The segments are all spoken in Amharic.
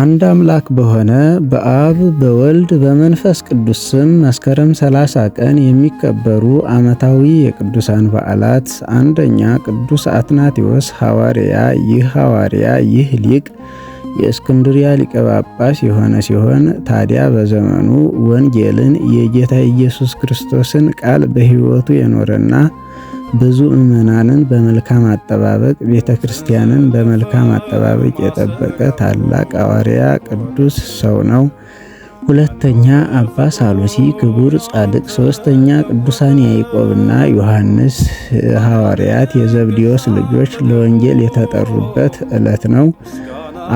አንድ አምላክ በሆነ በአብ በወልድ በመንፈስ ቅዱስ ስም መስከረም 30 ቀን የሚከበሩ ዓመታዊ የቅዱሳን በዓላት፣ አንደኛ ቅዱስ አትናቴዎስ ሐዋርያ። ይህ ሐዋርያ ይህ ሊቅ የእስክንድሪያ ሊቀ ጳጳስ የሆነ ሲሆን ታዲያ በዘመኑ ወንጌልን የጌታ ኢየሱስ ክርስቶስን ቃል በሕይወቱ የኖረና ብዙ ምዕመናንን በመልካም አጠባበቅ ቤተ ክርስቲያንን በመልካም አጠባበቅ የጠበቀ ታላቅ ሐዋርያ ቅዱስ ሰው ነው። ሁለተኛ አባ ሳሉሲ ክቡር ጻድቅ። ሶስተኛ ቅዱሳን ያዕቆብና ዮሐንስ ሐዋርያት የዘብዴዎስ ልጆች ለወንጌል የተጠሩበት ዕለት ነው።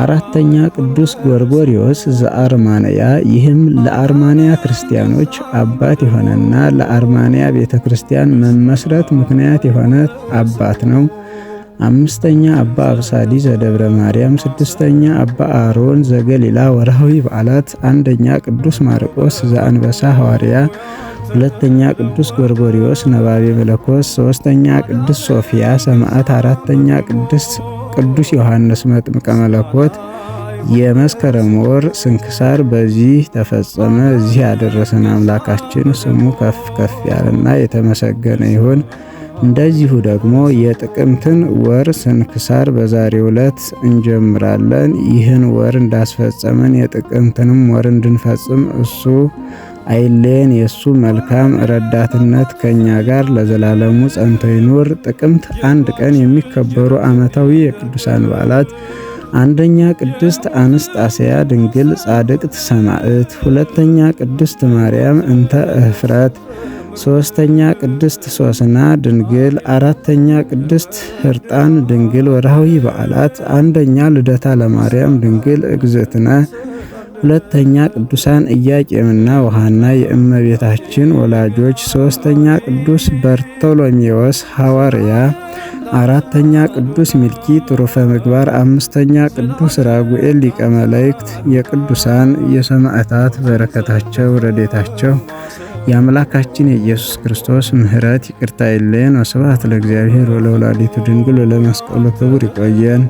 አራተኛ ቅዱስ ጎርጎሪዮስ ዘአርማንያ። ይህም ለአርማንያ ክርስቲያኖች አባት የሆነና ለአርማንያ ቤተ ክርስቲያን መመስረት ምክንያት የሆነ አባት ነው። አምስተኛ አባ አብሳዲ ዘደብረ ማርያም፣ ስድስተኛ አባ አሮን ዘገሊላ። ወርሃዊ በዓላት አንደኛ ቅዱስ ማርቆስ ዘአንበሳ ሐዋርያ፣ ሁለተኛ ቅዱስ ጎርጎሪዮስ ነባቤ መለኮስ፣ ሶስተኛ ቅዱስ ሶፊያ ሰማዕት፣ አራተኛ ቅዱስ ቅዱስ ዮሐንስ መጥምቀ መለኮት የመስከረም ወር ስንክሳር በዚህ ተፈጸመ። እዚህ ያደረሰን አምላካችን ስሙ ከፍ ከፍ ያለና የተመሰገነ ይሁን። እንደዚሁ ደግሞ የጥቅምትን ወር ስንክሳር በዛሬው ዕለት እንጀምራለን። ይህን ወር እንዳስፈጸመን የጥቅምትንም ወር እንድንፈጽም እሱ አይለየን የእሱ መልካም ረዳትነት ከእኛ ጋር ለዘላለሙ ጸንቶ ይኑር። ጥቅምት አንድ ቀን የሚከበሩ ዓመታዊ የቅዱሳን በዓላት አንደኛ ቅድስት አንስጣሴያ ድንግል ጻድቅት ሰማዕት፣ ሁለተኛ ቅድስት ማርያም እንተ እፍረት፣ ሶስተኛ ቅድስት ሶስና ድንግል፣ አራተኛ ቅድስት ህርጣን ድንግል። ወርሃዊ በዓላት አንደኛ ልደታ ለማርያም ድንግል እግዝእትነ ሁለተኛ ቅዱሳን እያቄምና ውሃና የእመቤታችን ወላጆች፣ ሶስተኛ ቅዱስ በርቶሎሜዎስ ሐዋርያ፣ አራተኛ ቅዱስ ሚልኪ ትሩፈ ምግባር፣ አምስተኛ ቅዱስ ራጉኤል ሊቀ መላእክት። የቅዱሳን የሰማዕታት በረከታቸው ረዴታቸው የአምላካችን የኢየሱስ ክርስቶስ ምሕረት ይቅርታ ይለየን። ወስብሐት ለእግዚአብሔር ወለወላዲቱ ድንግል ወለመስቀሉ ክቡር ይቆየን።